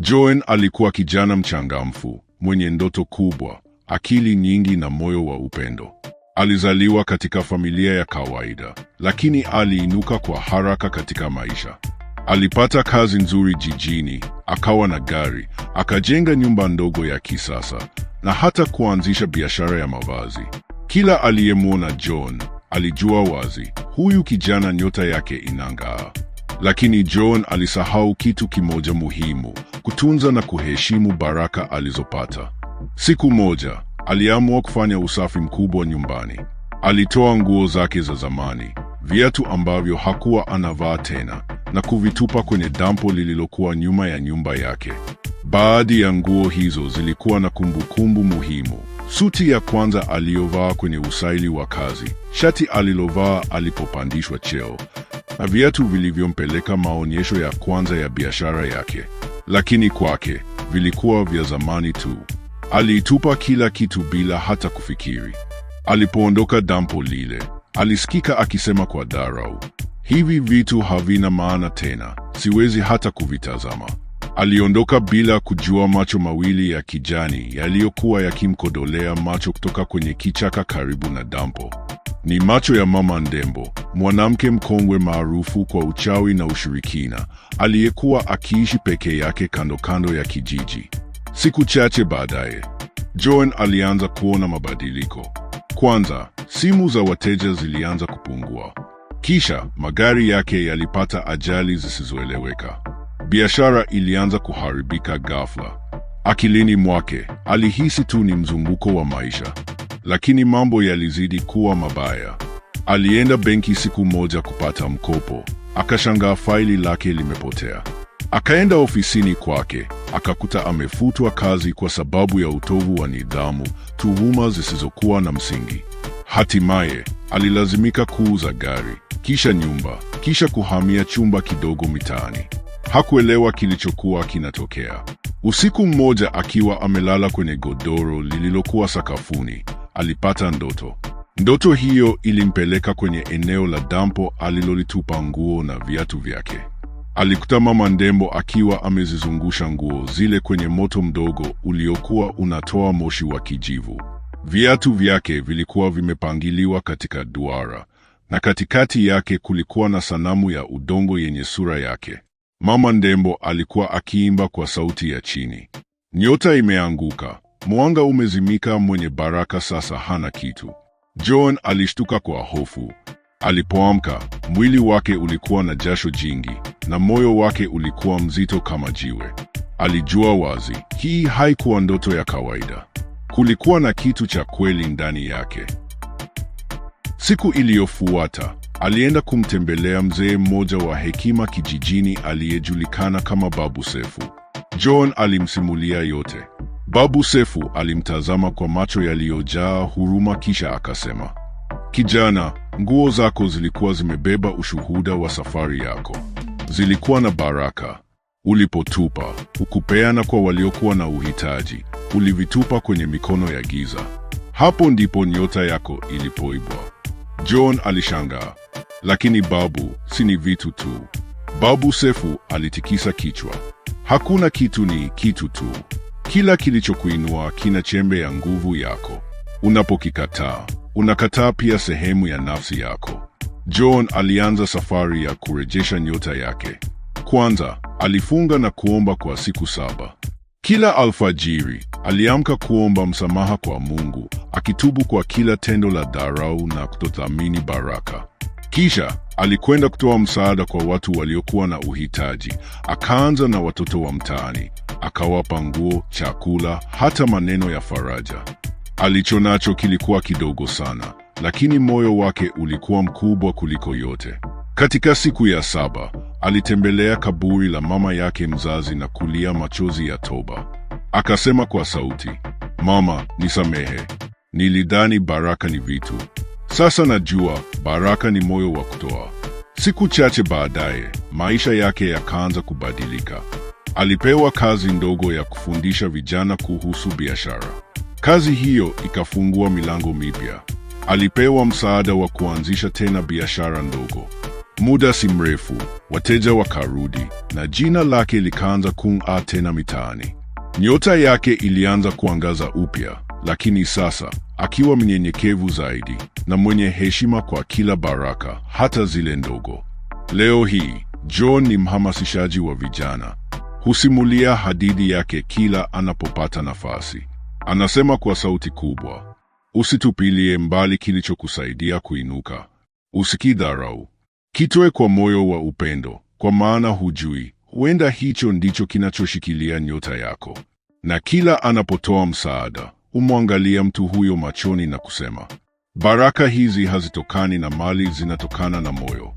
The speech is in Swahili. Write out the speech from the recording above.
Joan alikuwa kijana mchangamfu, mwenye ndoto kubwa, akili nyingi na moyo wa upendo. Alizaliwa katika familia ya kawaida, lakini aliinuka kwa haraka katika maisha. Alipata kazi nzuri jijini, akawa na gari, akajenga nyumba ndogo ya kisasa na hata kuanzisha biashara ya mavazi. Kila aliyemwona john alijua wazi, huyu kijana nyota yake inang'aa. Lakini John alisahau kitu kimoja muhimu: kutunza na kuheshimu baraka alizopata. Siku moja aliamua kufanya usafi mkubwa nyumbani. Alitoa nguo zake za zamani, viatu ambavyo hakuwa anavaa tena, na kuvitupa kwenye dampo lililokuwa nyuma ya nyumba yake. Baadhi ya nguo hizo zilikuwa na kumbukumbu muhimu: suti ya kwanza aliyovaa kwenye usaili wa kazi, shati alilovaa alipopandishwa cheo, na viatu vilivyompeleka maonyesho ya kwanza ya biashara yake, lakini kwake vilikuwa vya zamani tu. Aliitupa kila kitu bila hata kufikiri. Alipoondoka dampo lile, alisikika akisema kwa dharau, hivi vitu havina maana tena, siwezi hata kuvitazama. Aliondoka bila kujua macho mawili ya kijani yaliyokuwa yakimkodolea macho kutoka kwenye kichaka karibu na dampo ni macho ya Mama Ndembo, mwanamke mkongwe maarufu kwa uchawi na ushirikina, aliyekuwa akiishi peke yake kando kando ya kijiji. Siku chache baadaye, Joan alianza kuona mabadiliko. Kwanza, simu za wateja zilianza kupungua. Kisha magari yake yalipata ajali zisizoeleweka. Biashara ilianza kuharibika ghafla. Akilini mwake alihisi tu ni mzunguko wa maisha, lakini mambo yalizidi kuwa mabaya. Alienda benki siku moja kupata mkopo, akashangaa faili lake limepotea. Akaenda ofisini kwake, akakuta amefutwa kazi kwa sababu ya utovu wa nidhamu, tuhuma zisizokuwa na msingi. Hatimaye alilazimika kuuza gari, kisha nyumba, kisha kuhamia chumba kidogo mitaani. Hakuelewa kilichokuwa kinatokea. Usiku mmoja, akiwa amelala kwenye godoro lililokuwa sakafuni, alipata ndoto. Ndoto hiyo ilimpeleka kwenye eneo la dampo alilolitupa nguo na viatu vyake. Alikuta mama Ndembo akiwa amezizungusha nguo zile kwenye moto mdogo uliokuwa unatoa moshi wa kijivu. Viatu vyake vilikuwa vimepangiliwa katika duara na katikati yake kulikuwa na sanamu ya udongo yenye sura yake. Mama Ndembo alikuwa akiimba kwa sauti ya chini, nyota imeanguka, Mwanga umezimika, mwenye baraka sasa hana kitu. John alishtuka kwa hofu. Alipoamka, mwili wake ulikuwa na jasho jingi na moyo wake ulikuwa mzito kama jiwe. Alijua wazi, hii haikuwa ndoto ya kawaida. Kulikuwa na kitu cha kweli ndani yake. Siku iliyofuata, alienda kumtembelea mzee mmoja wa hekima kijijini aliyejulikana kama Babu Sefu. John alimsimulia yote. Babu Sefu alimtazama kwa macho yaliyojaa huruma, kisha akasema, kijana, nguo zako zilikuwa zimebeba ushuhuda wa safari yako. Zilikuwa na baraka. Ulipotupa, ukupeana kwa waliokuwa na uhitaji, ulivitupa kwenye mikono ya giza. Hapo ndipo nyota yako ilipoibwa. John alishangaa. Lakini babu, si ni vitu tu? Babu Sefu alitikisa kichwa. Hakuna kitu, ni kitu tu. Kila kilichokuinua kina chembe ya nguvu yako. Unapokikataa, unakataa pia sehemu ya nafsi yako. John alianza safari ya kurejesha nyota yake. Kwanza alifunga na kuomba kwa siku saba. Kila alfajiri aliamka kuomba msamaha kwa Mungu, akitubu kwa kila tendo la dharau na kutothamini baraka. Kisha Alikwenda kutoa msaada kwa watu waliokuwa na uhitaji. Akaanza na watoto wa mtaani, akawapa nguo, chakula, hata maneno ya faraja. Alicho nacho kilikuwa kidogo sana, lakini moyo wake ulikuwa mkubwa kuliko yote. Katika siku ya saba alitembelea kaburi la mama yake mzazi na kulia machozi ya toba. Akasema kwa sauti, Mama, nisamehe. Nilidhani baraka ni vitu. Sasa najua baraka ni moyo wa kutoa. Siku chache baadaye, maisha yake yakaanza kubadilika. Alipewa kazi ndogo ya kufundisha vijana kuhusu biashara. Kazi hiyo ikafungua milango mipya. Alipewa msaada wa kuanzisha tena biashara ndogo. Muda si mrefu, wateja wakarudi na jina lake likaanza kung'aa tena mitaani. Nyota yake ilianza kuangaza upya. Lakini sasa akiwa mnyenyekevu zaidi na mwenye heshima kwa kila baraka, hata zile ndogo. Leo hii John ni mhamasishaji wa vijana, husimulia hadithi yake kila anapopata nafasi. Anasema kwa sauti kubwa, usitupilie mbali kilichokusaidia kuinuka, usikidharau, kitoe kwa moyo wa upendo, kwa maana hujui, huenda hicho ndicho kinachoshikilia nyota yako. Na kila anapotoa msaada humwangalia mtu huyo machoni na kusema, baraka hizi hazitokani na mali, zinatokana na moyo.